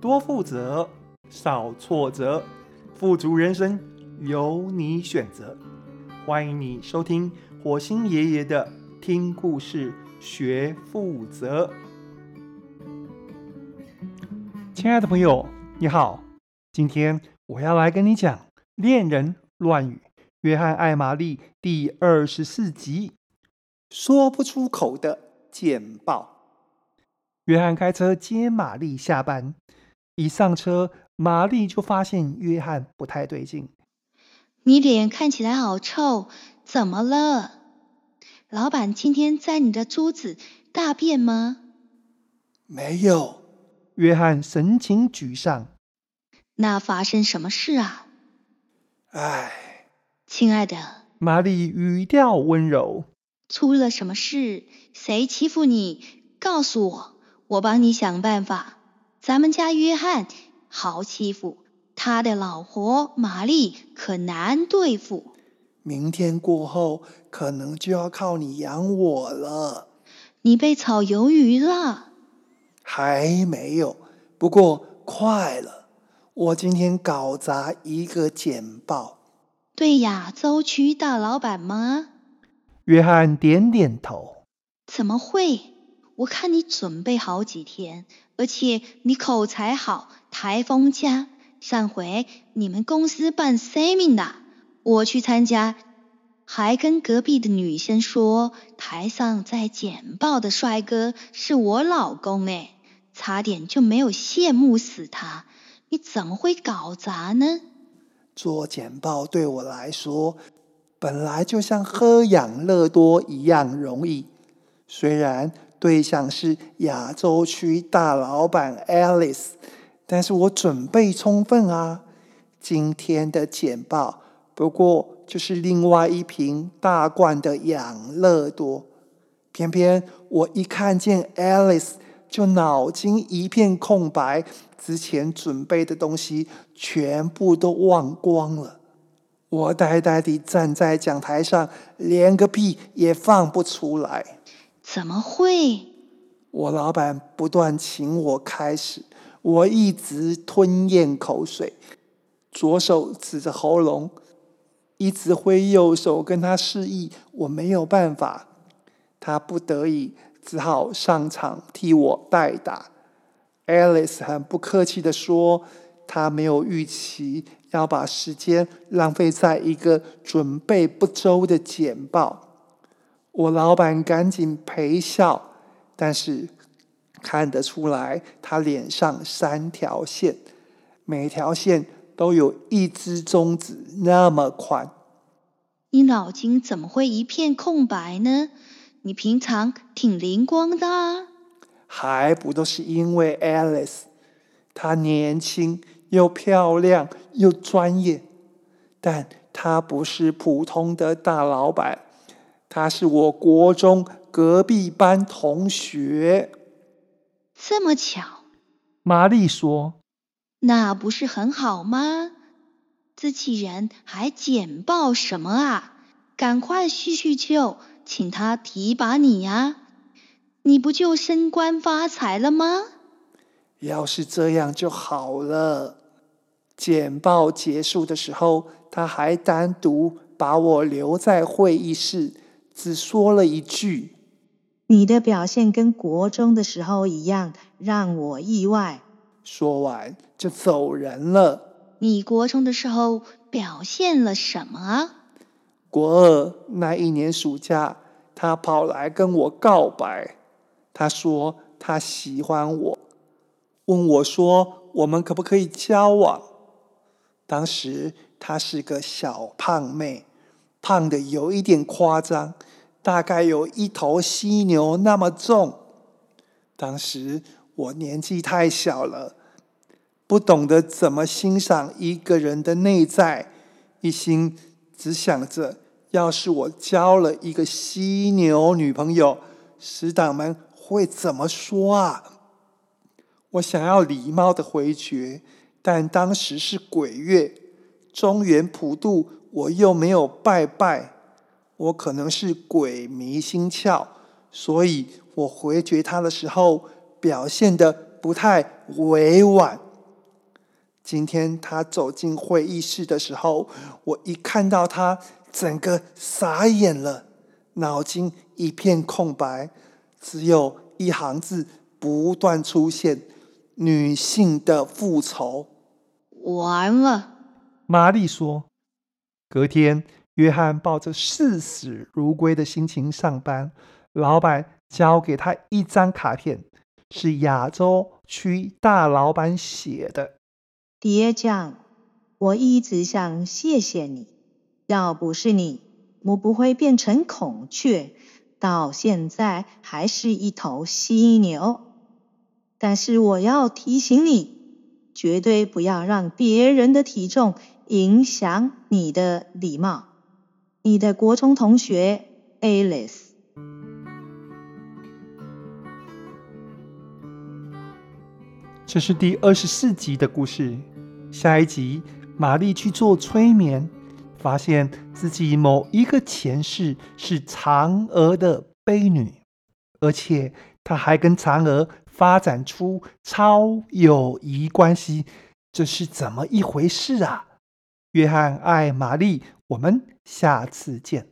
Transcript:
多富擇，少挫折，富足人生由你選擇。歡迎你收聽火星爺爺的聽故事學富擇。親愛的朋友，你好，今天我要來跟你講《戀人亂語》約翰愛瑪麗第二十四集《說不出口的簡報》。約翰開車接瑪麗下班。一上車，瑪麗就發現約翰不太對勁。你臉看起來好臭，怎麼了？老板今天在你的桌子大便嗎？沒有。約翰神情沮喪。那發生什麼事啊？唉，親愛的。瑪麗語調溫柔。出了什麼事？誰欺負你？告訴我，我幫你想辦法。咱們家約翰好欺負，他的老婆瑪麗可難對付。明天過後，可能就要靠你養我了。你被炒魷魚了？還沒有，不過快了。我今天搞砸一個簡報。對亞洲區大老闆嗎？約翰點點頭。怎麼會？我看你準備好幾天，而且你口才好，台風佳。上回你們公司辦 seminar，我去參加，還跟隔壁的女生說，台上在簡報的帥哥是我老公誒、欸，差點就沒有羨慕死他。你怎麼會搞砸呢？做簡報對我來說，本來就像喝養樂多一樣容易，雖然。對象是亞洲區大老板 Alice，但是我準備充分啊，今天的簡報，不過就是另外一瓶大罐的養樂多。偏偏我一看見 Alice，就腦筋一片空白，之前準備的東西全部都忘光了。我呆呆地站在講台上，連個屁也放不出來。怎麼會？我老闆不斷請我開始，我一直吞嚥口水，左手指着喉嚨，一直揮右手跟他示意，我沒有辦法，他不得已只好上場替我代打。Alice 很不客氣的說，她沒有預期要把時間浪費在一個準備不周的簡報。我老闆趕緊陪笑，但是看得出來他臉上三條線，每條線都有一隻中指那麼寬。你腦筋怎麼會一片空白呢？你平常挺靈光的啊。還不都是因為 Alice，她年輕又漂亮又專業，但她不是普通的大老闆。他是我國中隔壁班同學。這麼巧，瑪麗說：“那不是很好嗎？自己人還簡報什麼啊？趕快敘敘舊，請他提拔你呀！啊！你不就升官發財了嗎？”要是這樣就好了。簡報結束的時候，他還單獨把我留在會議室。只說了一句：“你的表現跟國中的時候一樣，讓我意外。”說完就走人了。你國中的時候表現了什麼啊？國二那一年暑假，他跑來跟我告白，他說他喜歡我，問我說我們可不可以交往。當時他是個小胖妹。胖的有一點誇張，大概有一頭犀牛那麼重。當時我年紀太小了，不懂得怎麼欣賞一個人的內在，一心只想着，要是我交了一個犀牛女朋友，死黨們會怎麼說啊？我想要禮貌的回絕，但當時是鬼月。中原普渡，我又沒有拜拜，我可能是鬼迷心竅，所以我回絕他的時候表現得不太委婉。今天他走進會議室的時候，我一看到他，整個傻眼了，腦筋一片空白，只有一行字不斷出現：女性的復仇，完了。瑪麗說：“隔天，約翰抱着視死如歸的心情上班。老闆交給他一張卡片，是亞洲區大老闆寫的。‘Dear John，我一直想謝謝你。要不是你，我不會變成孔雀，到現在還是一頭犀牛。但是我要提醒你，絕對不要讓別人的體重。’”影響你的禮貌。你的國中同學 Alice。這是第二十四集的故事。下一集，瑪麗去做催眠，發現自己某一個前世是嫦娥的婢女，而且她還跟嫦娥發展出超友誼關係。這是怎麼一回事啊？約翰愛瑪麗，我們下次見。